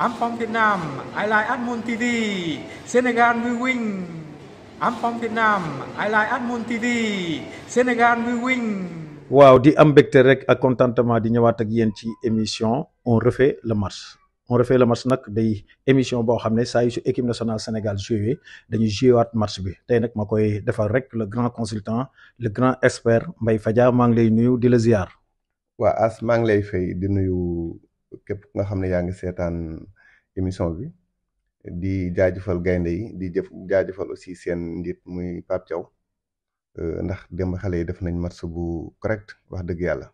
I'm from Vietnam. I like Admon TV. Senegal we win. I'm waaw di am mbégte rek ak contentement di ñëwaat ak yéen ci émission on refait le match on refait la match nag day émission boo xam ne saa su équipe nationale Sénégal joué dañuy joué waat match bi tey nag ma koy defal rek le grand consultant le grand expert Mbaye Fadia maa ngi lay nuyu di la ziar. waa as maa ngi lay fay di nuyu képp nga xam ne yaa ngi seetaan. émission bi di jaajëfal gaynde yi di jëf jaajëfal aussi seen njiit muy Pape Thiaw euh, ndax démb xale yi def nañ match bu correct wax dëgg yàlla.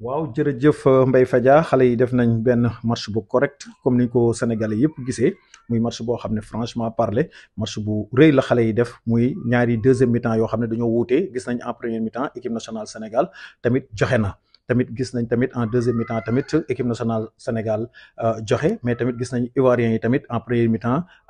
waaw jërëjëf euh, mbay Fadia xale yi def nañ benn match bu correct comme ni ko Sénégalais yëpp gisee muy match boo xam ne franchement parler match bu rëy la xale yi def muy ñaari deuxième mi yoo xam ne dañoo wuute gis nañ en première mi-temps équipe nationale Sénégal tamit joxe na. tamit gis nañ tamit en deuxième mi-temps tamit équipe nationale Sénégal euh, joxe mais tamit gis nañ Ivoiriens yi tamit en premier mi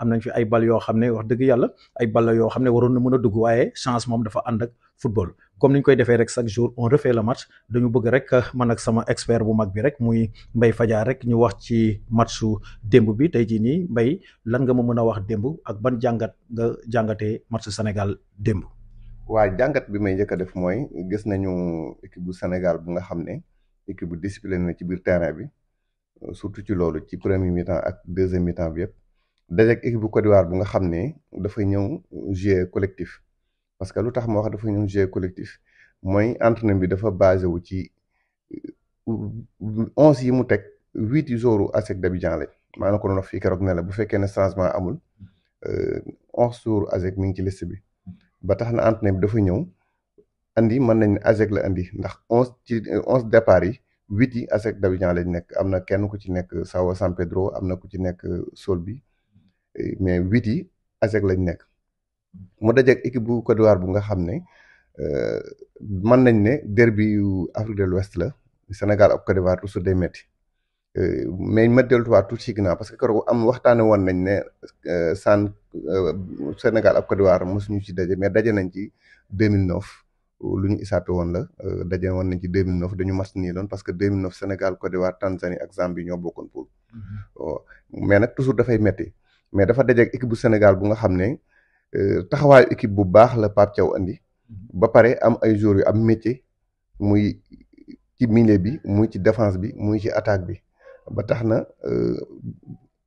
am nañ fi ay bal yoo xam ne wax dëgg yàlla ay bal yoo xam ne waroon na mën a dugg waaye chance moom dafa ànd ak football. comme ni ñu koy defee rek chaque jour on refait le match dañu bëgg rek man ak sama expert bu mag bi rek muy Mbaye Fadiar rek ñu wax ci matchu démb bi tey jii nii Mbaye lan nga ma mën a wax démb ak ban jàngat nga jàngatee matchu Sénégal démb. waa jàngat bi may njëkk a def mooy gis nañu équipe bu Sénégal bu nga xam ne équipe bu discipline na ci biir terrain bi surtout ci loolu ci premier mi ak deuxième mi-temps bi yëpp dajeeg équipe bu bu nga xam ne dafa ñëw jouer collectif parce que lu tax moo wax dafa ñëw jouer collectif mooy entraîneur bi dafa basé wu ci euh, onze yi mu teg huit joueurs ASEC d'Abidjan lañ maa na ko doon wax fii keroog ne la bu fekkee ne changement amul euh, onze joueurs ASEC mi ngi ci liste bi ba tax na entraîneur bi dafa ñëw andi mën nañ ne ASEC la andi ndax onze ci onze départ yi huit yi ASEC d'Abidjan lañ nekk am na kenn ku ci nekk Sao San Pedro am na ku ci nekk bi mais huit yi ASEC lañ nekk mu dajeeg équipe bu bu nga xam ne euh, mën nañ ne derby yu Afrique de l'Ouest la Sénégal ak Côte d'Ivoire toujours day métti Euh, mais ma delluwaat tuuti ci parce que keroog am waxtaane woon nañ ne euh, sànq euh, Sénégal ak Côte d'Ivoire mosuñu ci daje mais daje nañ ci 2009 lu ñu isappe woon la daje woon nañ ci 2009 dañu mas nii doon parce que 2009 Sénégal Côte d'Ivoire Tanzanie ak Zambie ñoo bokkoon pool. Mm-hmm. Oh, mais nag toujours dafay metti mais dafa daje ak bu Sénégal bu nga xam ne taxawaayu équipe bu baax la Pape Thiaw andi. Mm-hmm. ba pare am ay joueurs yu am métier muy ci milieu bi muy ci défense bi muy ci attaque bi. ba tax na euh,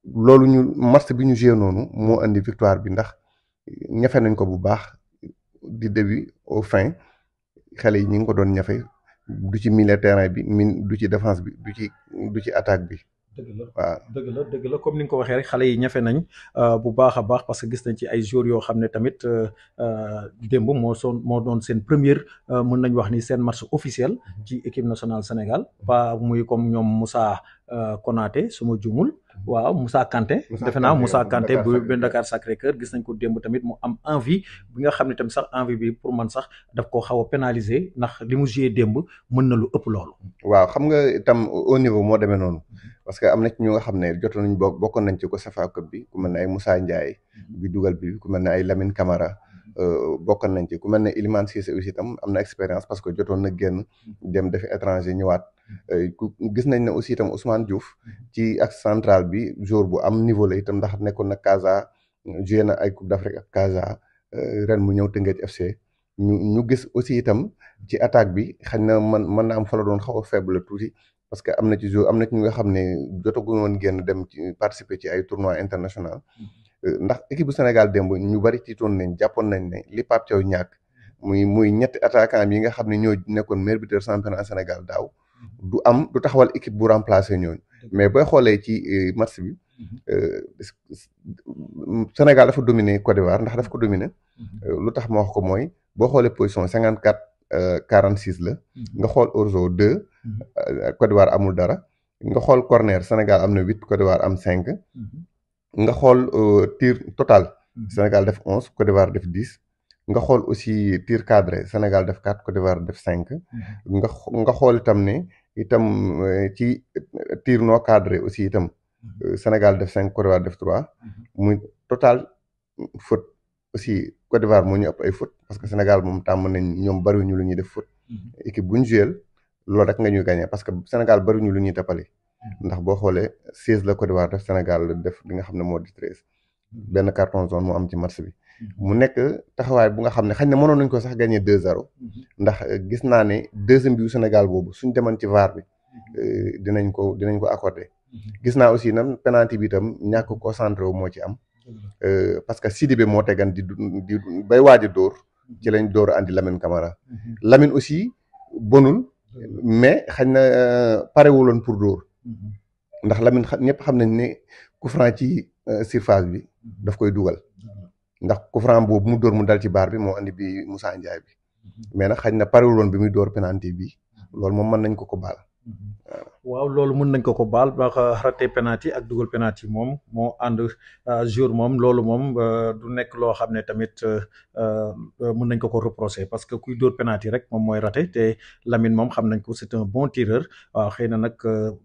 loolu ñu match bi ñu joué noonu moo indi victoire bi ndax ñafe nañ ko bu baax di début au fin xale yi ñu ngi ko doon ñafe du ci milieu terrain bi min du ci defance bi du ci du ci attaque bi. dëgg la waaw dëgg la dëgg la comme ni nga ko waxee rek xale yi ñafe nañ euh, bu baax a baax parce que gis nañ ci ay joueurs yoo xam ne tamit euh, démb moo soon moo doon seen première mën nañ wax ni seen match officiel mm-hmm. ci équipe nationale Sénégal. pas muy comme ñoom musaa Euh, Konaté su ma jumul mhm. waaw Moussa Kanté defe naa Moussa kante bu benn Dakar Sacré Cœur gis nañ ko démb tamit mu am envie bi nga xam ne tam sax envie pour man sax daf koo xaw a pénaliser ndax li mu démb mën na lu ëpp loolu waaw xam nga itam au niveau moo demee noonu parce que am na ci ñu nga xam ne jotoon nañ bokk bokkoon nañ ci ko safa cup bi ku mel ne ay Moussa Ndiaye mhm. bi dugal bi ku mel ne ay Lamine Camara mhm. euh, bokkoon nañ ci ku mel ne Ilimane Cissé aussi itam am na expérience parce que jotoon na génn dem defi étranger ñëwaat Euh, gis nañ ne aussi itam Ousmane Diouf ci axe central bi jour bu am niveau la itam ndax nekkoon na Casa joué na ay Coupe d'Afrique ak Casa euh, ren mu ñëw Teungueth FC ñu gis aussi itam ci attaque bi xañ na man mën na am fa doon xaw a faible tuuti parce que am na ci jour am na ci ñu nga xam ne jotaguñu woon génn dem ci participer ci ay tournois international mm-hmm. euh, ndax équipe bu Sénégal démb ñu bari tiitoon nañ jàppoon nañ ne li Pape Thiaw ñàkk muy muy ñetti attaquant yi nga xam ne ñoo nekkoon meilleur buteur Sénégal daaw du am du taxawal équipe bu remplacer ñooñu mais booy xoolee ci euh, match bi mm-hmm. euh, Sénégal dafa dominer Côte d'Ivoire ndax dafa ko dominer mm-hmm. euh, lu tax ma wax ko mooy boo xoolee position cinquante quatre quarante six la mm-hmm. nga xool orzo deux Côte d'Ivoire amul dara nga xool corner Sénégal am na huit Côte d'Ivoire am cinq nga xool tir total Sénégal def onze Côte d'Ivoire def dix nga xool aussi tir cadré Sénégal def 4 Côte d'Ivoire def cinq mhm. nga nga xool itam ni itam euh, ci tir non cadré aussi itam. Mhm. Euh, Sénégal def cinq Côte d'Ivoire def 3. Mhm. muy total faute aussi Côte d'Ivoire moo ñu ëpp ay faute parce que Sénégal moom tàmm nañ ñoom bariwuñu lu ñuy def faute. équipe bu ñu joué loolu rek nga ñuy gagné parce que Sénégal bariwuñu lu ñuy tappale. ndax boo xoolee 16 la Côte d'Ivoire def Sénégal def li nga xam ne moo di 13. benn carton jaune moo am ci match bi. mu nekk taxawaay bu nga xam ne xañ na mënoon nañ ko sax gagné 2-0. Mhm. ndax euh, gis naa ne deuxième bi bu Sénégal boobu suñ demoon ci VAR bi. Mhm. Euh, dinañ ko dinañ ko accordé. Mhm. gis naa aussi nan penalty bi itam ñàkk concentré wu moo ci am. Euh, parce que Sidibé moo tegan di du di bay waaj a dóor. ci lañ dóor a andi kamara lamin aussi bonul. mais xañ na parewuloon pour dóor. ndax lamin ñëpp xam nañ ne coup franc ci surface bi daf koy dugal. ndax coup franc boobu mu dóor mu dal ci baar bi moo andi bi Moussa Ndiaye bi mm-hmm. mais na xañ na parewul woon bi muy door penalty bi mm-hmm. loolu moom mën nañ ko ko baal waaw loolu mën nañ ko ko baal ndax euh, raté penalty ak dugal penalty moom moo ànd euh, jour moom loolu moom euh, du nekk loo xam ne tamit mën nañ ko ko reprocher parce que kuy dóor penalty rek moom mooy rate te Lamine moom xam nañ ko c'est un bon tireur waaw xëy na nag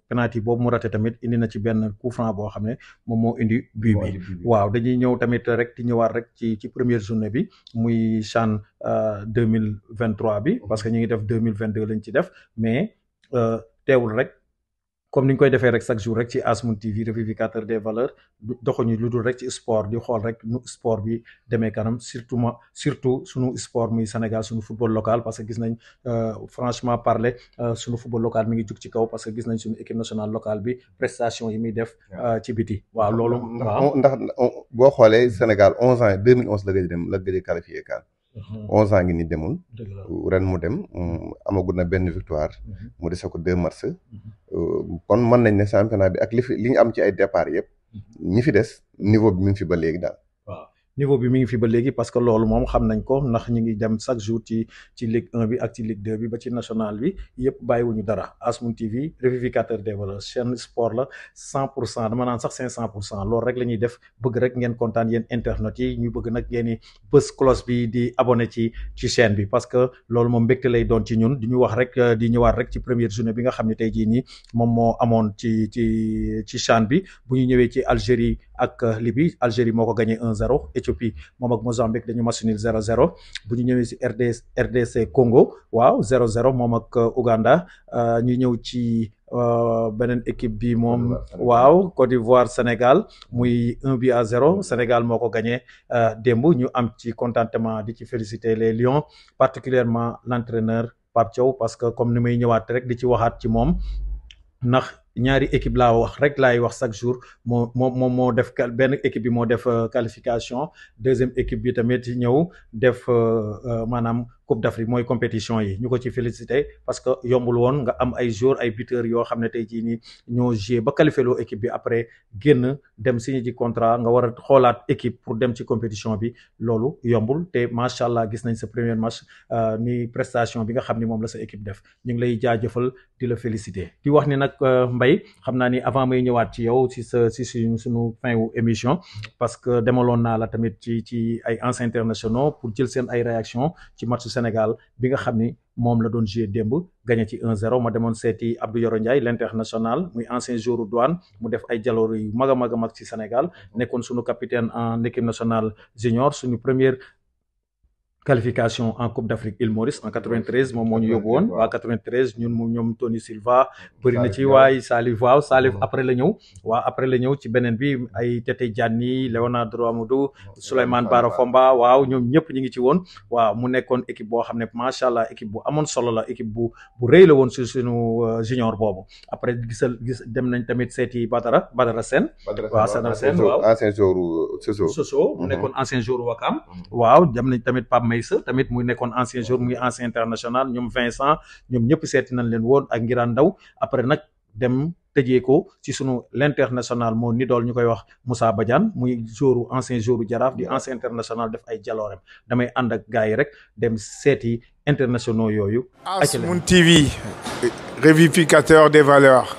penalty boobu mu rate tamit indi na ci benn coup franc boo xam ne moom moo indi but bi waaw dañuy ñëw tamit rek di ñëwaat rek ci ci première journée bi muy CHAN 2023 bi parce que ñu ngi def 2022 lañ ci def mais teewul rek comme ni ñu koy defee rek chaque jour rek ci Asmoon TV revivificateur des valeurs doxuñu lu dul rek ci sport di xool rek nu sport bi demee kanam surtout ma surtout suñu sport muy Sénégal sunu football local parce que gis nañ euh, franchement parler euh, sunu football local mi ngi jug ci kaw parce que gis nañ suñu équipe nationale local bi prestation yi muy def. Euh, ci biti waaw loolu. ndax ndax boo xoolee Sénégal 11 ans 2011 la gëj dem la gëj qualifié CAN Mhm. onze ans ngi ni demul euh, ren mu dem amagul na benn victoire mhm. mu dese ko deux matchs mhm. euh, kon mën nañ ne naa bi ak li fi li ñu am ci ay départ yëpp ñi fi des niveau bi mu fi ba léegi daal niveau bi mi ngi fi ba léegi parce que loolu moom xam nañ ko ndax ñu ngi dem chaque jour ci ci Ligue bi ak ci Ligue 2 bi ba ci national bi yëpp ñu dara Asmoon TV révivificateur des valeurs chaîne sport la 100 cent dama naan sax 500 pour cent loolu rek la ñuy def bëgg rek ngeen kontaan yéen internet yi ñu bëgg nag ngeen i bës cloche bi di abonné ci ci chaîne bi parce que loolu moom mbekk lay doon ci ñun di ñu wax rek di ñëwaat rek ci première journée bi nga xam ne tey jii nii moom moo amoon ci ci ci CHAN bi bu ñu ñëwee ci Algérie ak euh, Libye Algérie moo ko gagné 1-0 Éthiopie moom ak Mozambique dañu match nul 0-0 bu ñu ñëwee si RDC RDC Congo waaw 0-0 moom ak euh, Ouganda euh, ñu ñëw ci. beneen équipe bi moom waaw Côte d'Ivoire Sénégal muy un but à zéro Sénégal moo ko gagné démb ñu am ci contentement di ci féliciter les Lions particulièrement l'entraîneur Pape cow parce que comme ni may ñëwaat rek di ci waxaat ci moom ndax ñaari équipe laa wax rek laay wax chaque jour moo moo moo moo def benn équipe bi moo def euh, qualification deuxième équipe bi tamit ñëw def euh, euh, maanaam Coupe d'Afrique mooy compétition yi ñu ko ci félicité parce que yombul woon nga am ay joueurs ay buteurs yoo xam ne tey jii ñoo joué ba qualifié équipe bi après génn dem signé ji contrat nga war xoolaat équipe pour dem ci compétition bi loolu yombul te macha allah gis nañ sa premier match euh, ni prestation bi nga xam ni moom la sa équipe def ñu ngi lay jaajëfal di la félicité di wax ni nag euh, Mbaye xam naa ni avant may ñëwaat ci yaw si sa si suñu suñu fin wu émission parce que demaloon Sénégal bi nga xam ni moom la doon joué démb gagné ci 1-0 ma demoon seeti Abdou Yoro Ndiaye l'international muy ancien joueur douane mu def ay jaloor yu mag a mag a mag ci Sénégal nekkoon suñu capitaine en équipe nationale junior suñu première qualification en Coupe d'Afrique Île Maurice en 93 moom moo ñu yóbbu woon waa 93 ñun mu ñoom Tony Silva bëri ci waay Salif waaw Salif après la ñëw waa après la ñëw ci beneen bi ay Tete Diagne Léonard Amadou Souleymane Bara Fomba waaw ñoom ñëpp ñu ngi ci woon waaw mu nekkoon équipe boo xam ne macha allah équipe bu amoon solo la équipe bu bu rëy la woon su suñu euh, junior boobu après gisal gis dem nañ tamit seeti Badara Badara sen waaw Badara Sène waaw euh, mhm. Wakam mhm. waaw dem nañ tamit Pape Maysa tamit muy nekkoon ancien joueur muy ancien international ñoom Vincent ñoom ñëpp seeti nañ leen woon ak Ngiraan Ndaw après nag dem tëjee ci sunu l'international moo ni dool ñu koy wax Moussa Badiane muy jouru ancien jouru jaraaf di ancien international def ay jaloorem damay ànd ak gars yi rek dem seeti internationaux yooyu. Asmoon TV révificateur des valeurs.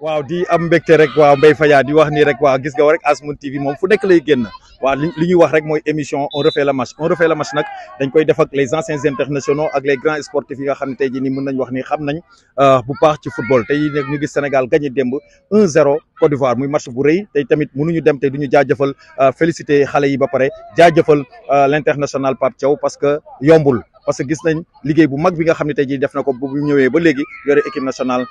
waaw di am mbégte rek waaw Mbaye Fadiane di wax nii rek waaw gis nga rek Asmoon TV moom fu nekk lay génn waaw li ñuy wax rek mooy émission on refait le match on refait le match nag dañ koy def ak les anciens internationaux ak les grands sportifs yi nga xam ne tey jii nii mën nañ wax ni xam nañ euh, bu baax ci football tey nag ñu gis Sénégal gagné démb 1-0 Côte d'Ivoire muy match bu rey tey tamit mënuñu dem du ñu jaajëfal euh, féliciter xale yi ba pare jaajëfal euh, l'international Pape Thiaw parce que yombul parce que gis nañ liggéey bu mag bi nga xam ne tey jii def na ko bu ñëwee ba léegi yore équipe nationale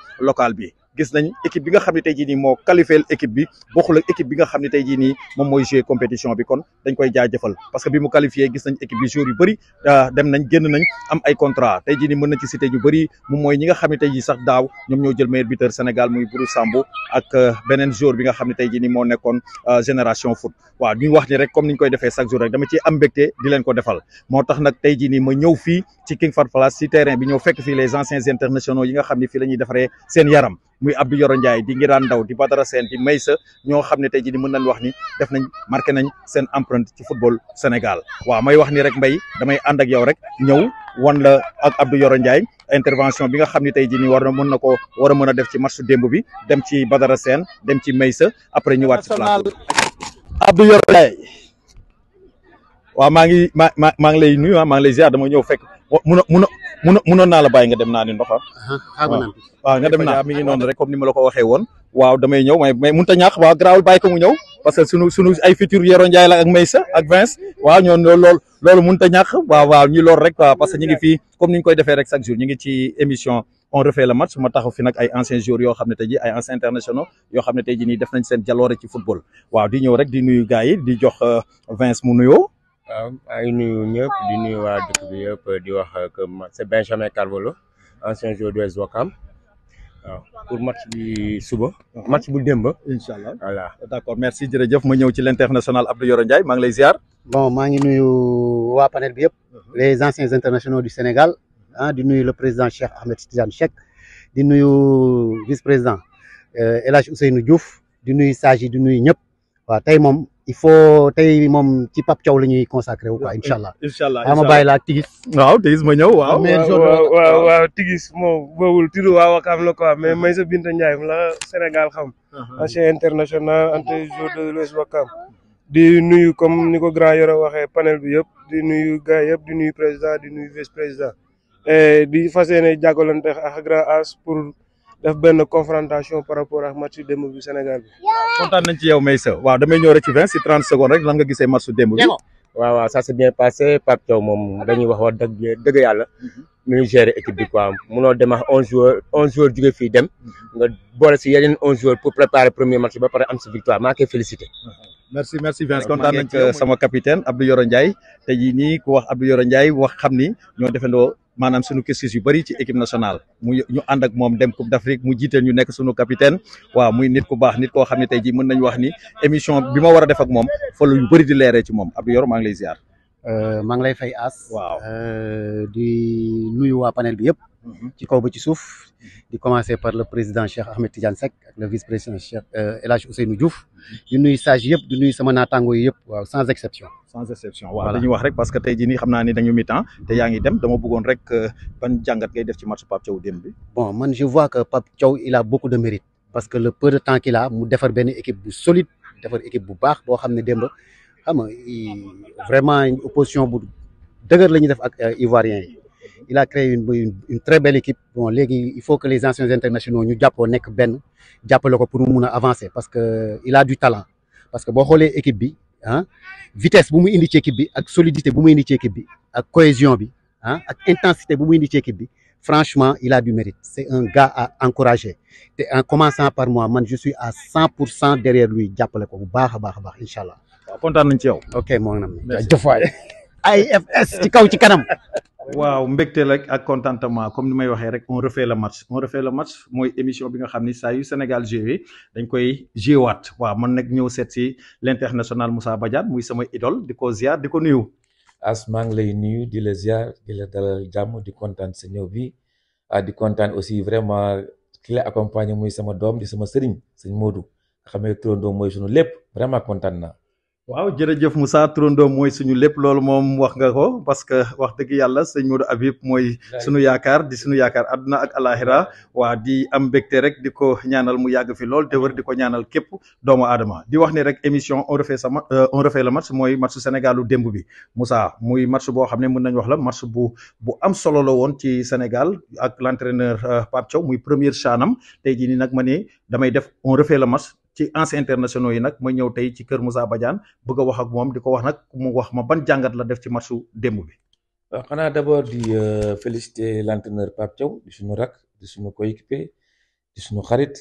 bi gis nañ équipe bi nga xam ne tey jii nii moo qualifié équipe bi bokkul nga xam ne tey ji ni moom mooy jouer compétition bi kon dañ koy jaajëfal parce que bi mu qualifié gis nañ équipe bi joueur yu bëri euh, dem nañ génn nañ am ay contrat tey jii nii mën na ci cité ñu bëri moom mooy ñi nga xam ne tey jii sax daaw ñoom ñoo jël meilleur buteur Sénégal muy Bourou Sambou ak euh, beneen joueur bi nga xam ne tey jii ni moo nekkoon euh, génération foot waaw ñu wax ni rek comme niñ koy defee chaque jour rek dama ciy am mbégte di leen ko defal ñëw fii ci King Fahd Palace ci terrain bi ñëw fekk fii yi nga xam ne fii la ñuy defaree seen muy Abdou Yoro Ndiaye di Ngiraan Ndaw di Badara Sène di Maysa ñoo xam ne tey jii di mën nañ wax ni def nañ marqué nañ seen empreinte ci football Sénégal waaw may wax ni rek mbay damay ànd ak yow rek ñëw wan la ak Abdou Yoro Ndiaye intervention bi nga xam ne tey ji nii war na mën na ko war mën a def ci match démb bi dem ci Badara Sène dem ci Maysa après ñëwaat ci plateau Abdou Yoro Ndiaye waaw maa ngi maa maa ngi lay nuyu ah maa ngi lay ziar dama ñëw fekk mun a mun mun mënoon naa la bàyyi nga dem naa ni ndox waaw nga dem naa rek comme ni ma la ko waxee woon waaw damay ñëw may mais mënut a ñàkk waaw garaawul bàyyi ko mu ñëw parce que sunu sunu ay futur Yoro Ndiaye la ak Maysa ak Vince waaw ñoon loolu loolu loolu mënut a ñàkk waaw waaw loolu rek waaw parce que ñu ngi fii comme ni ñu koy defee rek chaque jour ñu ngi ci émission on refait le match ma taxaw fi nag ay anciens joueurs yoo xam ne te ji ay anciens internationaux yoo xam ne tey ji ni def nañ seen jaloore ci football waaw di ñëw rek di nuyu gars yi di jox euh, Vince mu nuyoo waaw ngi nuyu ñëpp di nuyu waa dëkk bi yëpp di wax que euh, c'est Benjamin Carvalho ancien joueur de l'AS Ouakam waaw match bi suba. match bu démb. incha allah voilà d'accord merci jërëjëf ma ñëw ci l'international Abdou Yoro Ndiaye maa ngi lay ziar. bon maa ngi nuyu waa panel bi yëpp. Uh-huh. les anciens internationaux du Sénégal ah di nuyu le président Cheikh Ahmed Tidiane Cheikh di nuyu vice président euh, El Hadj Ousseynou Diouf di nuyu Sadji di nuyu ñëpp waa tey moom. il faut tey moom ci Pape Thiaw la ñuy consacré wu quoi allah. incha la ak Tigis. waaw Tigis ma ñëw waaw. waaw waaw Tigis moom boobul turu waa Wakaam la quoi mais ah. Maysa Binta Ndiaye la Sénégal xam. Ah, ah. ancien international ancien joueur de l'US Wakaam. di nuyu comme ni ko grand Yoro waxee panel bi yëpp di nuyu gars yëpp di nuyu président di nuyu vice président. di fas yéene jàggalante ak grand as pour. def benn confrontation par rapport ak match démb bi Sénégal bi. kontaan nañ ci yow Meissa waaw damay ñëw rek ci vingt si trente secondes rek lan nga gisee match démb bi. waaw waaw ça s'est bien passé Pape Thiaw moom dañuy wax wax dëgg dëgg yàlla. Mm-hmm. mu ngi gérer équipe bi quoi munoo dem ak onze joueurs onze joueurs jóge dem mm-hmm. nga boole si yeneen onze joueurs pour préparer premier match ba pare am si victoire maa koy félicité. Uh-huh. merci merci Vince kontaan nañ sama te jii nii ku wax Abdou Yoro Ndiaye wax xam ni ñoo defandoo. maanaam suñu kestis yu bari ci équipe nationale mu ñu ànd ak moom dem Coupe d'Afrique mu jiiteel ñu nekk suñu capitaine waaw muy nit ku baax nit koo xam ne tey ji mën nañu wax ni émission bi ma war a def ak moom fa lu yu bëri di leeree ci moom Abdou Yor maa ngi lay ziar. Euh, maa ngi lay fay as. waaw euh, di nuyu waa panel bi yëpp. Mhm. ci kaw ba ci suuf di commencer par le président Cheikh Ahmed Tidiane Seck ak le vice-président Cheikh euh, El Hadj Ousseynou Diouf di nuyu sage yëpp di nuyu sama naataangoo yi yëpp waaw sans exception sans dañuy wax rek parce que tey jii nii xam naa ni dañu mi-temps te yaa ngi dem dama bëggoon rek euh, ban jàngat ngay def ci match Pape Thiaw démb bon man je vois que Pape Thiaw il a beaucoup de mérite parce que le peu de temps qu'il a mu defar benn équipe bu solide defar équipe bu baax boo xam ne démb xam vraiment opposition bu dëgër la def ak euh, ivoiriens yi il a créé une une, une très belle équipe bon léegi il faut que les anciens o ñu jàppoo nekk benn jàppale ko pour mu mun a parce que il a du talent parce que boo xoolee équipe bi ah vitesse bu mu indi ci équipe bi ak solidité bu mu indi ci équipe bi ak cohésion bi ah ak intensité bu mu indi ci équipe bi franchement il a du mérite c'est un gars à encourager te en commençant par moi man je suis à cent pour cent derrière lui jàppale ko bu baax a baax a baax incha kontaan nañ ci yow. ok moo ngi am. waaw mbégte rek ak contentement comme ni may waxee rek on refait la match on refait le match mooy émission bi nga xam ni saa yu Sénégal joué dañ koy jouewaat waaw man nag ñëw seet si l'international Moussa Badiane muy sama idole di ko ziar di ko nuyu. as maa ngi lay nuyu di la ziar di la dalal jàmm di kontaan sa ñëw bi ah, di kontaan aussi vraiment ki la muy sama doom di sama sëriñ sëñ Modou nga xam ne turandoo mooy sunu lépp vraiment kontaan naa. waaw jërëjëf Moussa Turando mooy suñu lépp loolu moom wax nga ko parce que wax dëgg yàlla sëñ ab yëpp mooy suñu yaakaar di suñu yaakaar àdduna ak alaxira waa di am mbégte rek di ko ñaanal mu yàgg fi lool te wër di ko ñaanal képp doomu aadama di wax ni rek émission on refait sama euh, on refait la match mooy match Sénégalu démb bi musa muy match boo xam ne mën nañu wax la match bu bu am solo la woon ci Sénégal ak l' entraîneur euh, muy première chanam tey jii nii nag ma ne damay def on refait le match ci anciens internationaux yi nag ma ñëw tey ci kër Moussa Badiane bëgg a wax ak moom di ko wax nag mu wax ma ban jàngat la def ci matchu démb bi. waaw euh, xanaa d'abord di euh, féliciter l'entraîneur Pape Thiaw di suñu rak di suñu coéquipé di suñu xarit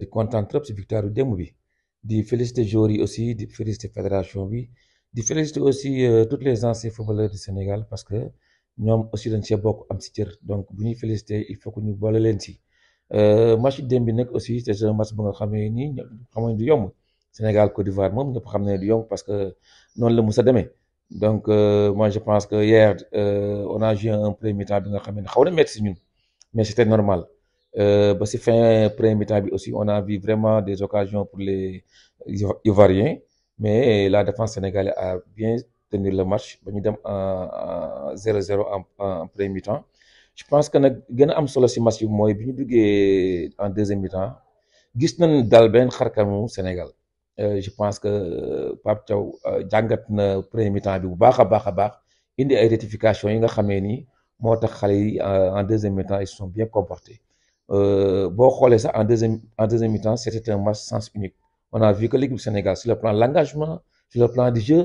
di content euh, trop ci victoire yu démb bi di féliciter joueurs yi aussi di féliciter fédération bi di féliciter aussi toutes les anciens footballeurs du Sénégal parce que ñoom aussi dañ see bokk am si cër donc bu ñuy féliciter il faut ñu boole leen ci. Euh, match dem bi nag aussi c'est un match bu nga xam ne nii xam ne du yomb Sénégal Côte d'Ivoire moom ñëpp xam ne du yomb parce que noonu la mu sa demee donc euh, moi je pense que hier euh, on a joué un premier temps bi nga xamee ne xaw na métti si ñun mais c'était normal ba si fin premier mi bi aussi on a vu vraiment des occasions pour les Ivoiriens mais la défense sénégalaise a bien tenu le match ba ñu dem en 0-0 en en premier mi je pense que nag gën am solo si match bi mooy bi ñu duggee en deuxième mi-temps gis nañ dal benn xarkamu Sénégal euh, je pense que euh, Pape Thiaw euh, jàngat na premier mi-temps bi bu baax a baax a baax indi ay rectification yi nga xamee ni moo tax xale yi en deuxième mi-temps ils se sont bien comportés boo xoolee sax en deuxième en deuxième mi-temps c'était un match sens unique on a vu que Sénégal sur le plan de l'engagement sur le plan de jeu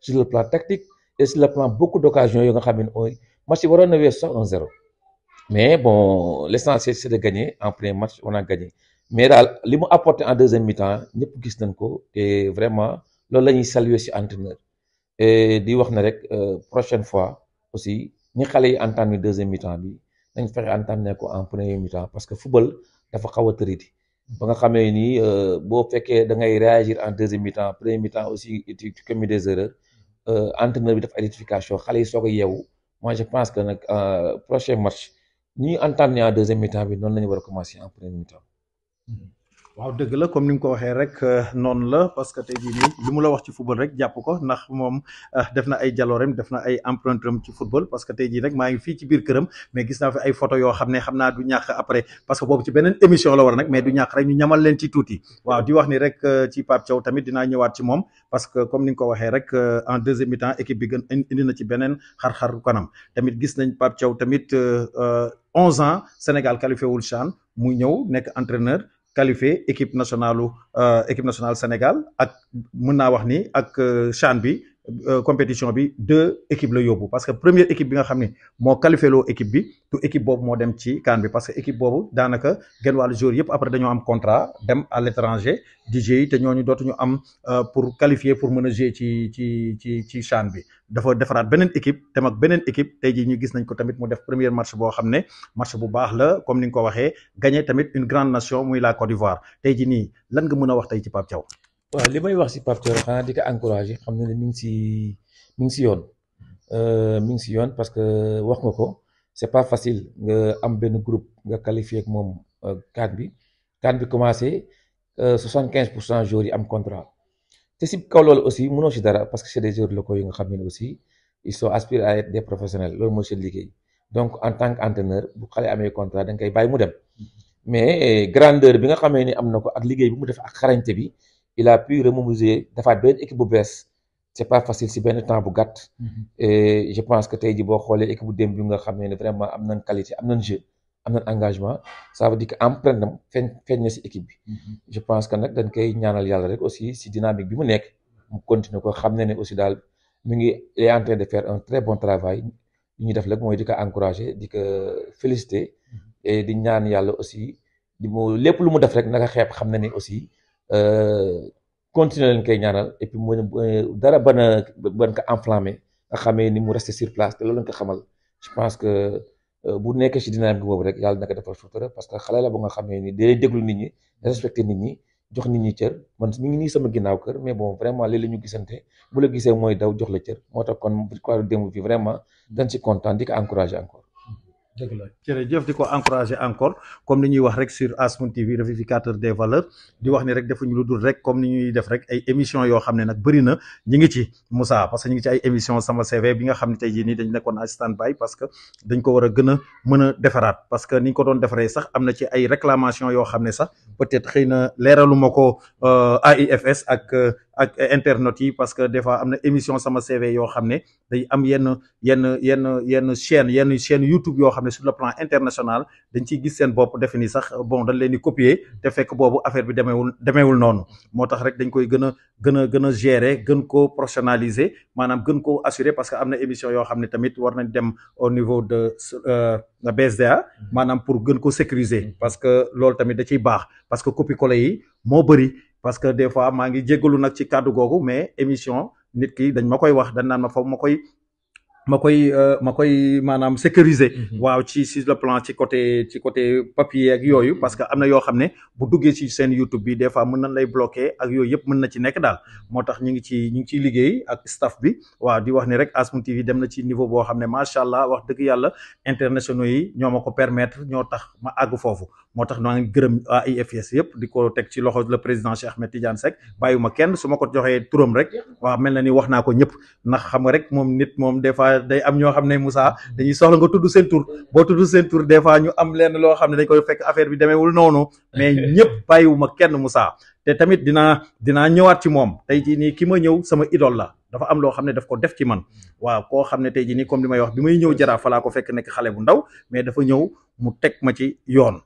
sur le plan tactique et sur le plan beaucoup yi nga xam ne mooy match waroon na sax un zéro mais bon l'essentiel c'est de gagner en premier match on a gagné mais daal li mu apporté en deuxième mi-temps ñëpp gis nañ ko et vraiment loolu la ñuy saluer ci entraîneur et di wax na rek euh, prochaine fois aussi ñi xale yi entamé deuxième mi-temps bi nañ fexe entamé ko en premier mi parce que football dafa xaw a tëridi ba nga xamee ni euh, boo fekkee da ngay réagir en deuxième mi-temps premier mi-temps aussi tu commis des erreurs euh, entraîneur bi def identification xale yi soo a yeewu moi pense que nag prochain match nii entame en deuxième mi-temps bi noonu la ñu war a commencer en première waaw dëgg la comme ni nga ko waxee rek euh, noonu la parce que tey jii nii li mu la wax ci football rek jàpp ko ndax moom euh, def na ay jaloorem def na ay empreinte ci football parce que tey jii rek maa ngi fii ci biir këram mais gis naa fi ay photo yoo xam ne xam naa du ñàkk après parce que boobu ci beneen émission la war nag mais du ñàkk rek ñu ñamal leen ci tuuti waaw di wax ni rek euh, ci Pape Thiaw tamit dinaa ñëwaat ci moom parce que comme ni nga ko waxee rek en deuxième mi-temps équipe bi gën indi na ci beneen xar-xar kanam tamit gis nañ Pape Thiaw tamit onze ans Sénégal qualifié wul CHAN mu ñëw nekk entraîneur qualifié équipe nationalu euh, équipe nationale Sénégal ak mën naa wax ni ak euh, CHAN bi Euh, compétition bi deux équipes la yóbbu parce que première équipe bi nga xam ne moo qualifié loo équipe bi du équipe boobu moo dem ci CAN bi parce que équipe boobu daanaka genn wàllu joueur yëpp après dañoo am contrat dem à l'étranger di jouer te ñooñu dootuñu am euh, pour qualifier pour mën a jouer ci ci ci ci CAN bi dafa defaraat beneen équipe dem ak beneen équipe tey jii ñu gis nañ ko tamit mu def premier match boo xam ne match bu baax la comme ni nga ko waxee gagné tamit une grande nation muy la Côte d'Ivoire tey jii nii lan nga mën a wax tey ci Pape Thiaw waaw li may wax si Pape Thioro xanaa di ko encouragé xam ne mi ngi si mi ngi si yoon euh, mi ngi si yoon parce que wax nga ko c'est pas facile nga am benn groupe nga qualifié ak moom euh, CAN bi CAN bi commencé euh, soixante quinze pour cent joueurs yi am contrat te si kaw loolu aussi mënoo si dara parce que c'est des joueurs locaux yi nga xam ne aussi ils sont aspirés à être des professionnels loolu mooy seen liggéey donc en tant qu'entraîneur bu xale amee contrat da koy bàyyi mu dem mais grandeur bi nga xamee ni am na ko ak liggéey bi mu def ak xarañte bi il a pu remobiliser defaat benn équipe bu bees c'est pas facile si benn temps bu gàtt. Mhm. et je pense que tey jii boo xoolee équipe bu démb bi nga xam ne vraiment am na qualité am nañ jeu am nañ engagement ça veut dire que empreinte am feeñ feeñ na si équipe bi. Mhm. je pense que nag dañ koy ñaanal yàlla rek aussi si dynamique bi mu nekk mu continuer ko xam ne ne aussi daal mu ngi est en de fair un très bon travail li ñuy def rek mooy di ko encourager di ko félicité mhm. et di ñaan yàlla aussi di mu lépp lu mu def rek naka xeep xam na ni aussi. Euh, continuer leen koy ñaanal et puis mu dara ban a ban ko enflammé nga xamee ni mu resté sur place te lañ ko xamal je pense que euh, bu nekkee ci dynamique boobu rek yàlla na ko defal sutura parce que xale la ba nga xamee ni day déglu nit ñi respecté nit ñi jox nit ñi cër man mi ngi nii sama ginnaaw kër mais bon vraiment léeg la ñu gisante bu la gisee mooy daw jox la cër moo tax kon victoire démb bi vraiment dañ ci kontaan di ko encouragé encore dëgg la jërëjëf di ko encourager encore comme ni ñuy wax rek sur Asmoon TV révificateur des valeurs di wax ni rek defuñu lu dul rek comme ni ñuy def rek ay émission yoo xam ne nag bëri na ñi ngi ci Moussa parce que ñi ngi ci ay émission sama CV bi nga xam ne tey jii nii dañ nekkoon à standby parce que dañ ko war a gën a mën a defaraat parce que ni ñu ko doon defaree sax am na ci ay réclamations yoo xam ne sax peut-être xëy na leeralu ma ko euh, AIFS ak euh, ak internet yi parce que des fois am na émission sama CV yoo xam ne day am yenn yenn yenn yenn chaîne yenn chaîne YouTube yoo xam xam ne sur le plan international dañ ciy gis seen bopp defe ni sax bon dañ leen di copier te fekk boobu affaire bi demeewul demeewul noonu moo tax rek dañ koy gën a gën a gën a gérer gën koo professionnaliser maanaam gën koo assurer parce que am na émission yoo xam ne tamit war nañ dem au niveau de euh, a maanaam pour gën ko sécuriser parce que loolu tamit da ciy baax parce que copier-coller yi moo bëri parce que des fois maa ngi jéggalu nag ci kàddu googu mais émission nit ki dañ ma koy wax dañ naan ma koy euh, ma koy maanaam sécuriser. Mhm. waaw ci sur le plan ci côté ci ak yooyu mhm. parce que am na yoo xam ne bu duggee ci seen YouTube bi des fois mën nañ lay bloquer ak yooyu yëpp mën na ci nekk daal moo tax ñu ngi ci ñu ngi ciy liggéey ak staff bi waaw di wax ni rek Asmoon TV dem na ci niveau boo xam ne macha allah wax dëgg yàlla internationaux yi ñoo ma ko permettre ñoo tax ma àgg foofu moo tax naa ngi gërëm AIFS yëpp di ko teg ci loxo la président Cheikh Ahmed Tidiane Seck bàyyiwuma kenn su ma ko joxee turam rek fois day am ñoo xam ne Moussa dañuy soxla nga tudd seen tur boo tudd seen tur des fois ñu am lenn loo xam ne dañ koy fekk affaire bi demeewul noonu mais ñëpp bàyyiwuma kenn Moussa te tamit dinaa dinaa ñëwaat ci moom tey jii nii ki ma ñëw sama idole la dafa am loo xam ne daf ko def ci man waaw koo xam ne tey jii nii comme li may wax bi may ñëw jaraaf falaa ko fekk nekk xale bu ndaw mais dafa ñëw mu teg ma ci yoon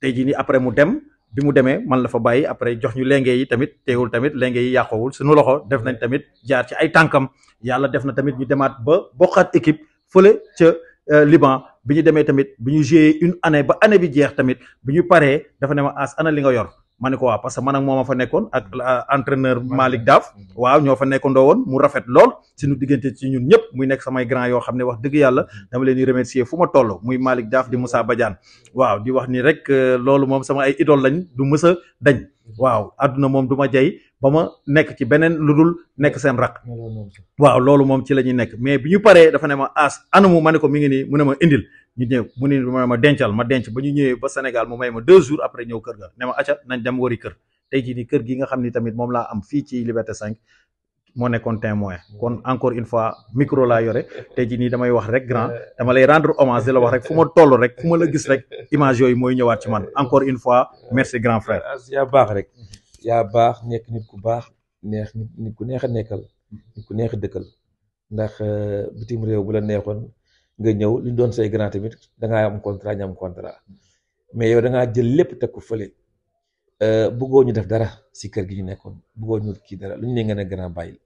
tey jii nii après mu dem bi mu demee man la fa bàyyi après jox ñu lenge yi tamit teewul tamit lenge yi yàqowul suñu loxo def nañ tamit jaar ci ay tànkam yàlla def na tamit ñu demaat ba bokkaat équipe fële ca euh, Liban bi ñu demee tamit bi ñu joué une année ba année bi jeex tamit bi ñu paree dafa ne ma as ana li nga yor ma ne waaw parce que man ak moom a fa nekkoon ak mm-hmm. euh, entraîneur Malick Daaf mm-hmm. waaw ñoo fa nekkandoo woon mu rafet lool suñu diggante ci ñun ñëpp muy nekk samay grand yoo xam ne wax dëgg yàlla mm-hmm. dama leen di remercier fu ma toll muy Malick Daaf di Moussa Badiane waaw di wax nii rek euh, loolu moom sama ay idole lañ du mës a dañ waaw àdduna moom du ma jey ba ma nekk ci beneen lu dul nekk seen raq waaw loolu moom ci la ñuy nekk mais bi ñu paree dafa ne ma as anamu ma ne ko mi ngi nii mu ne ma indil ñu ñëw mu ne ma dencal ma denc ba ñu ñëwee ba Sénégal mu may ma deux jours après ñëw kër ga ne ma acca nañ dem wari kër tey jii ni kër gi nga xam ni tamit moom laa am fii ci Liberté cinq moo nekkoon témoin kon encore une fois micro laa yore tey jii nii damay wax rek grand dama lay rendre hommage di la wax rek fu ma toll rek fu ma la gis rek image yooyu mooy ñëwaat ci man encore une fois merci grand frère. Ah, yaa baax rek yaa baax nekk nit ku baax neex nit ku neex a nekkal ku neex a ndax euh, bitim réew bu la neexoon. nga ñëw li doon say grand tamit da ngaa am contrat ñu am contrat mais yow da jël lépp teg ko fële euh, bëggoo ñu def dara si kër gi ñu nekkoon bëggoo ñu kii dara lu ñu ne nga ne grand bàyyi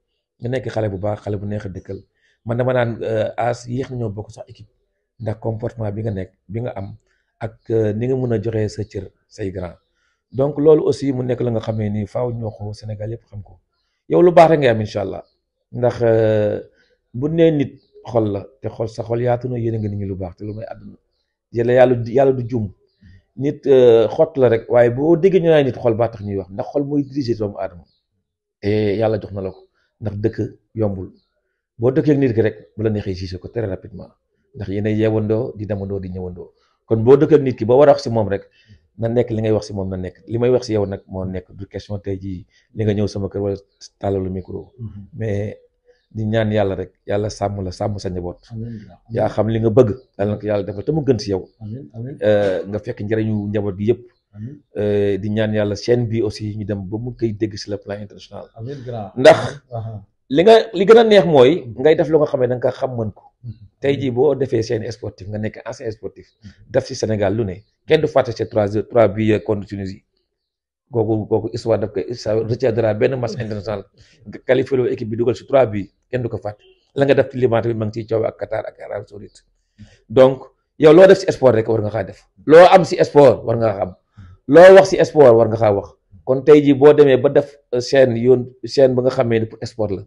nga nekk xale bu baax xale bu neex a dëkkal man dama naan euh, as yéex nañoo bokk sax équipe ndax comportement bi nga nekk bi nga am ak euh, ni nga mën a joxee sa cër say grand donc loolu aussi mu nekk la nga xamee ni faaw ñoo ko Sénégal yëpp xam ko yow lu baax rek ngay xol la te xol sa xol yaatu na yéene nga nit ñi lu baax te lu may àdduna yàlla yàlla yàlla du jum nit euh, xot la rek waaye boo déggee ñu naan nit xol baa tax ñuy wax ndax xol mooy diriger doomu aadama et yàlla jox na la ko ndax dëkk yombul boo dëkkee ak nit ki rek bu la neexee gisee ko très rapidement ndax yéen a yeewandoo di demandoo di ñëwandoo kon boo dëkkee ak nit ki ba war a wax si moom rek na nekk li ngay wax si moom na nekk li may wax si yow nag moo nekk du question tey jii li ñëw sama kër wala tàllalu micro mm-hmm. di ñaan yàlla rek yàlla sàmm la sàmm sa njaboot yaa xam li nga bëgg yàlla na ko yàlla defal te mu gën si yow eh, nga fekk njëriñu njaboot gi yëpp eh, di ñaan yàlla seen bi aussi ñu dem ba mu koy dégg si le plan international ndax li nga li gën a neex mooy ngay def lu nga xam ne da nga xam mën ko mhm. tey jii boo defee seen sportif nga nekk ancien sportif mhm. def si Sénégal lu ne kenn du fàtte ces trois heures trois buts contre Tunisie kooku kooku histoire daf koy ça benn match international nga qualifié loo équipe bi dugal si trois buts kenn du ko fàtte la nga def ci Liban tamit ma ngi ciy coow ak Qatar ak Arabie Saoudite donc yow loo def si sport rek war nga xaa def loo am si sport war nga am loo wax si sport war nga xaa wax kon tey jii boo demee ba def euh, chaîne yoon chaîne ba nga xamee ne pour sport la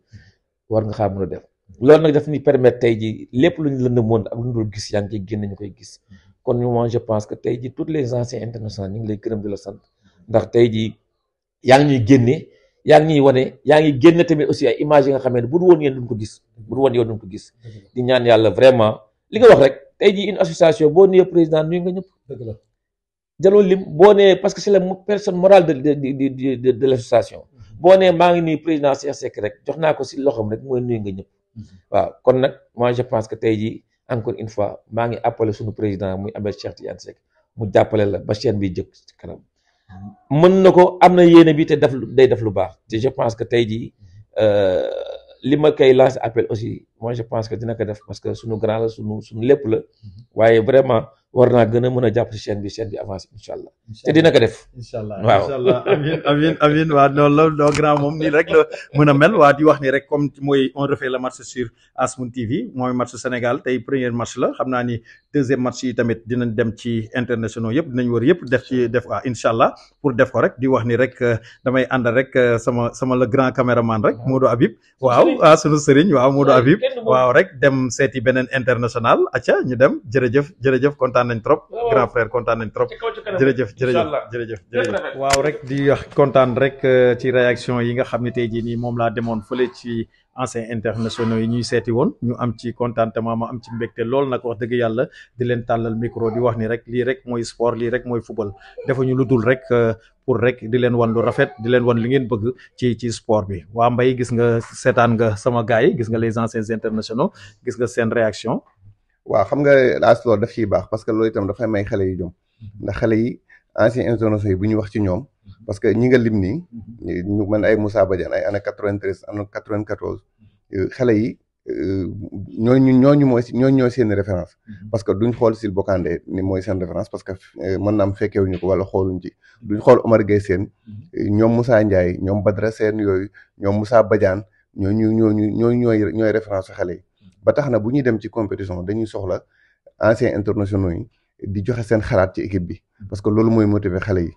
war nga xaa mën a def loolu nag daf ni permettre tey jii lépp lu ñu lënd moon ak lu ñu dul gis ñu ngi lay gërëm la sant ndax tey jii yaa ngi ñuy génne yaa ngi ñuy wane yaa ngi génne tamit aussi ay image yi nga xam ne bu du woon yéen ko gis bu du woon yow ko gis di ñaan yàlla vraiment li nga wax rek tey jii une association boo nuyee président nuyu nga ñëpp dëgg la jaloo lim boo nee parce que c'est la personne morale de de de de de l'association mmh. boo nee maa ngi nuyu président Cheikh Seck rek jox naa ko si loxoom rek mooy nuyu nga ñëpp mmh. waaw kon nag moi je pense que tey jii encore une fois maa ngi appelé suñu président muy Ahmed Cheikh Tidiane mu jàppale la ba bi jëkk ci mën na ko am na yéene bi te def day def lu baax te je pense que tey jii euh, li ma koy lancer appel aussi moi je pense que dina ko def parce que suñu grand la suñu suñu lépp la mm-hmm. waaye vraiment war naa gën a mën a jàpp si chaîne bi chaîne bi avancé incha allah te dina def incha amin amin waa noonu la doo grand moom nii rek la mel waa di wax ni rek comme mooy on refait le match sur Asmoon TV mooy match Sénégal tey premier match la xam naa ni deuxième match yi tamit dinañ dem ci internationaux yëpp dinañ wër yëpp def ci def waa incha allah pour def ko rek di wax ni rek euh, damay àndal rek euh, sama sama le grand caméraman rek Modou Habib waaw ah sunu sëriñ waaw Modou Habib waaw rek dem seeti beneen international acca ñu dem jërëjëf kontaan nañ trop. Oh. grand frère kontaan nañ trop. jërëjëf jërëjëf jërëjëf jërëjëf. waaw rek di wax kontaan rek euh, ci réaction yi nga xam ne tey jii nii moom laa demoon fële ci anciens internationaux yi ñuy seeti woon ñu am ci contentement ma am ci mbégte lool nag wax dëgg yàlla di leen tàllal micro di wax ni rek lii rek mooy sport lii rek mooy football ñu lu dul rek. Euh, pour rek di leen wan lu rafet di leen wan li ngeen bëgg ci ci sport bi waa mbay gis nga seetaan nga sama gars yi gis nga les anciens internationaux gis nga seen réaction waaw xam nga as loolu daf ciy baax parce que loolu itam dafay may xale yi jom ndax xale yi anciens internationaux yi bu ñu wax ci ñoom parce que ñi nga lim nii ñu man ay Moussa Badiane ay année quatre-vingt-treize année quatre-vingt-quatorze xale yi euh, ñooñu ñooñu mooy ñooñu ñooy seen référence parce que duñ xool Sil Bokandé ni mooy seen référence parce que euh, mën na am fekkewuñu ko wala xooluñ ci xool Omar Gueye Sène ñoom musaa Ndiaye ñoom Badra seen yooyu ñoom Moussa Badiane ñooñu ñooñu ñooy ñooy référence xale yi ba tax na bu ñuy dem ci compétition dañuy soxla anciens internationaux yi di joxe seen xalaat ci équipe bi parce que loolu mooy motiver xale yi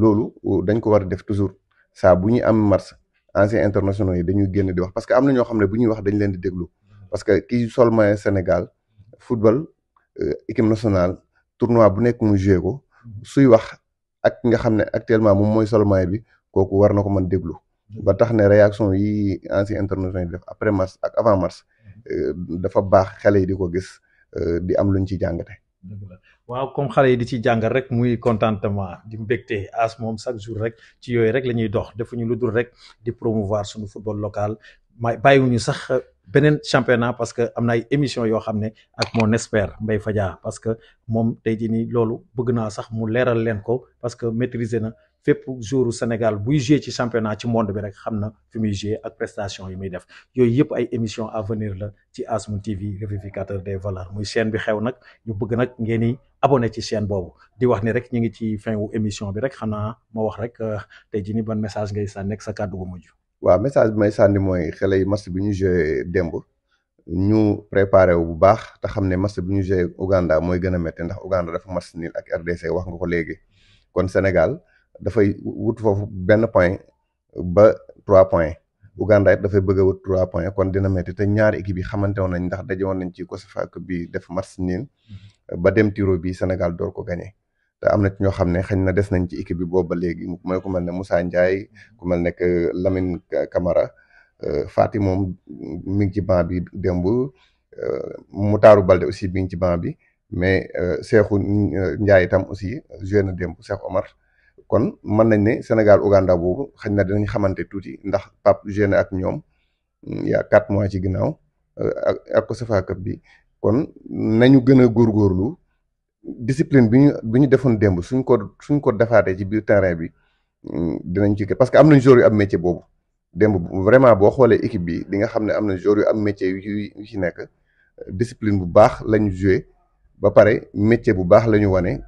loolu euh, dañ ko war a def toujours saa bu ñuy am mars anciens internationaux yi dañuy génn di wax parce que am na ñoo xam ne bu ñuy wax dañ leen di déglu parce que kii sol maillot Sénégal football euh, équipe nationale tournoi bu nekk mu joué ko suy wax ak nga xam ne actuellement moom mooy sol bi kooku war na ko mën déglu ba tax ne réaction yi anciens internationaux yi après mars ak avant mars Euh, dafa baax xale yi di ko gis euh, di am lu ñu ci jàngate. waaw comme xale yi di ci jàngal rek muy contentement di mbégte as moom chaque jour rek ci yooyu rek la ñuy dox defuñu lu dul rek di promouvoir suñu football local ma bàyyiwuñu sax. beneen championnat parce que am na ay émission yoo xam ne ak mon expert mbay fajaa parce que moom tey jii nii loolu bëgg naa sax mu leeral leen ko parce que maîtriser na fépp jour Sénégal buy joué ci championnat ci monde bi rek xam na fi muy joué ak prestation yi muy def yooyu yëpp ay émission à venir la ci Asmoon TV révificateur des valeurs muy chaîne bi xew nag ñu bëgg nag ngeen i abonné ci chaîne boobu di wax ni rek ñu ngi ci fin wu émission bi rek xanaa ma wax rek euh, tey jii nii message ngay sànni ak sa kàddu gu mujj. waaw message bi may sànni mooy xale yi match bi ñu joué démb ñu préparé wu bu baax te xam ne match bi ñu joué Ouganda mooy gën a métti ndax Ouganda dafa match nii ak RDC wax nga ko léegi kon Sénégal dafay wut foofu benn point ba trois points Ouganda it dafay bëgg a wut trois points kon dina métti te ñaari équipe yi xamante woon nañ ndax daje woon nañ ci COSAFA bi def match nii mm-hmm. ba dem tiro bii Sénégal door ko gagné. te am na ci ñoo xam ne xëy na des nañ ci équipe bi boobu ba léegi mooy ku mel ne Moussa Ndiaye ku mel ne euh, Lamine Camara euh, faati moom mi ngi ci banc bi démb euh, Moutaaru Balde aussi mi ngi ci banc bi mais Cheikhou Ndiaye itam aussi joué na démb Cheikh Omar kon mën nañ ne Sénégal Ouganda boobu xëy na dinañ xamante tuuti ndax Pape joué na ak ñoom mm, il y a mois ci ginnaaw ak ak CFA Cup bi kon nañu gën a góorlu discipline bi ñu bi ñu defoon démb suñ ko suñ ko defaatee ci biir terrain bi mm, dinañ ci parce que am nañ joueur yu am métier boobu démb vraiment boo xoolee équipe bi di nga xam ne am na joueur yu am métier yu ci nekk discipline bu baax lañu joué ba pare métier bu baax la ñu wane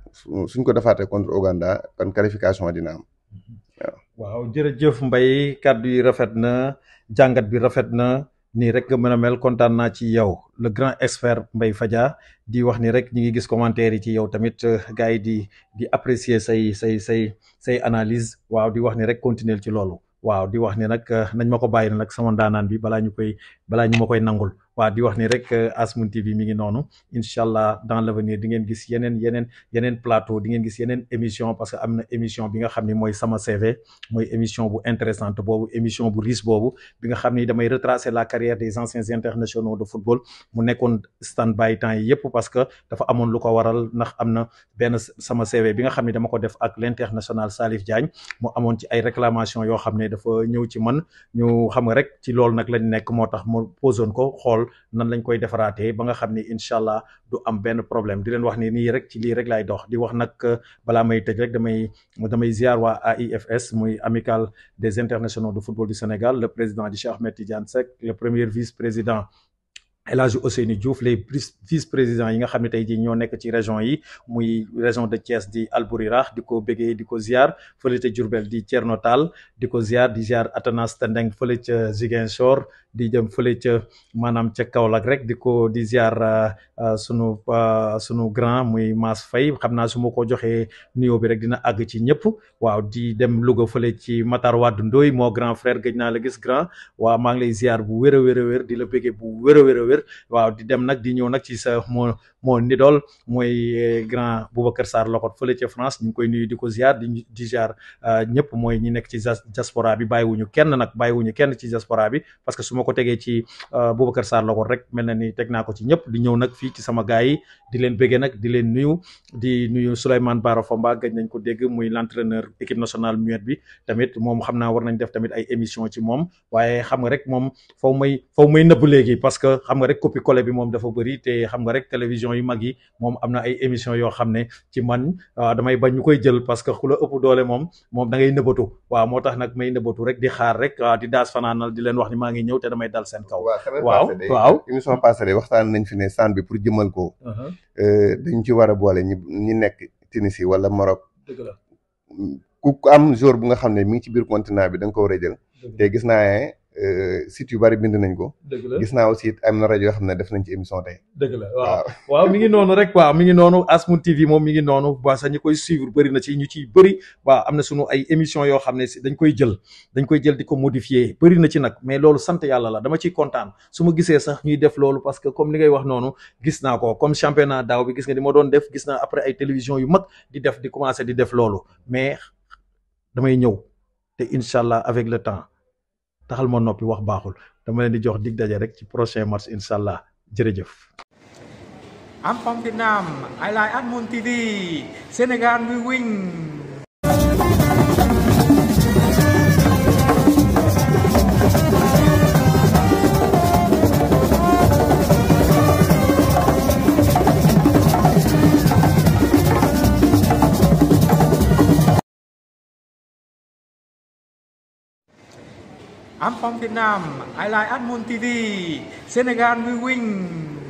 suñ ko defaatee contre Ouganda kon qualification dina am mm-hmm. waaw. jërëjëf Mbaye kàddu yi rafet na jàngat bi rafet na. nii rek nga mën a mel kontaan naa ci yow le grand expert mbay Fadia di wax nii rek ñi ngi gis commentaire yi ci yow tamit euh, gars yi di di apprécier say say say say analise waaw di wax ni rek continuer ci loolu waaw di wax ni nag euh, nañ ma ko bàyyi nag sama ndaanaan bi balaa ñu koy balaa ñu ma koy nangul waa di wax ni rek euh, Asmoon TV mi ngi noonu incha allah dans l'avenir di ngeen gis yeneen yeneen yeneen plateau di ngeen gis yeneen émission parce que am na émission bi nga xam ne mooy sama CV mooy émission bu boobu émission bu riche boobu bi nga xam ni damay retracer la carrière des anciens internationaux de football mu nekkoon stand by temps yi yëpp parce que dafa amoon lu ko waral ndax am na benn sama CV bi nga xam ne dama ko def ak l'international Salif Diagne mu amoon ci ay réclamations yoo xam ne dafa ñëw ci man ñu xam nga rek ci loolu nag lañ nekk moo tax mu posoon ko xool xool nan lañ koy defaraatee ba nga xam ni incha allah du am benn problème di leen wax ni nii rek ci lii rek lay dox di wax nag euh, balaa may tëj rek damay damay ziar waa AIFS muy amicale des internationaux de football du Sénégal le président di Cheikh Ahmed Tidiane Seck le premier vice-président. El Hadj Ousseynou Diouf les vice présidents yi nga xam ne tey jii ñoo nekk ci région yi muy région de ces di Albourirax di ko bëggee di ko ziar fële ca Diourbel di Thierno Tall di ko ziar di ziar Atanas Tendeng fële ca Ziguinchor di dem fële ca maanaam ca Kaolack rek di ko di ziar euh, euh, sunu euh, sunu grand muy Mass Faye xam naa su ma ko joxee nuyoo bi rek dina àgg ci ñëpp waaw di dem Louga fële ci Matar Wade Ndoye moo grand frère gëj naa la gis grand waaw maa ngi lay ziar bu wér wér a wér di la bëggee bu wér a wér a waaw di dem nag di ñëw nag ci sa moo moo nidool mooy grand Boubacar Sarr Loxot fële ca France ñu ngi koy nuyu di ko ziar di di ziar ñëpp mooy ñi nekk ci diaspora bi bàyyiwuñu kenn nag bàyyiwuñu kenn ci diaspora bi parce que ma ko tegee ci euh, Boubacar Sarr la ko rek mel na ni teg naa ko ci ñëpp di ñëw nag fii ci sama gars di leen béggee nag di leen nuyu di nuyu Souleymane Bara Famba ko dégg muy l'entraîneur équipe nationale muette bi tamit moom xam naa war nañ def tamit ay émission ci moom waaye xam nga rek moom faw may nëbb léegi parce que xam nga rek copie collé bi moom dafa bëri te xam nga rek télévision yu mag yi moom am na ay émission yoo xam ne ci man euh, damay bañ ñu koy jël parce la ëpp doole moom moom da ngay nëbbatu damay dal seen kaw. waaw waaw émission passée de waxtaan nañ fi ne saan bi pour jëmal ko. Uh-huh. Euh, dañ ci war a boole ñi ñi nekk Tunisie wala Maroc. dëgg la ku am jour bu nga xam ne mu ngi ci biir continent bi da ko war a jël. te gis naa ne euh, yu bari bind nañ ko. dëgg la gis naa aussi am na rajo yoo xam ne def nañ ci émission tey. dëgg la waaw waaw mi ngi noonu rek waaw mi ngi noonu Asmoon TV moom mi ngi noonu waa sax ñi koy suivre bëri na ci ñu ciy bëri waaw am na sunu ay émission yoo xam ne dañ koy jël dañ koy jël di ko modifier bëri na ci nag mais loolu sant yàlla la dama ciy kontaan su ma gisee sax ñuy def loolu parce que comme li ngay wax noonu gis naa ko comme championnat daaw bi gis nga di ma doon def gis naa après ay télévision yu mag di def di commencer di def loolu mais damay ñëw incha allah avec le temps. taxal ma noppi wax baaxul dama leen di jox dig daje rek ci prochain match incha allah jërëjëf. I'm from Vietnam. I like Admon TV. Senegal will win. I'm from Vietnam. I like Admon TV. Senegal, we win.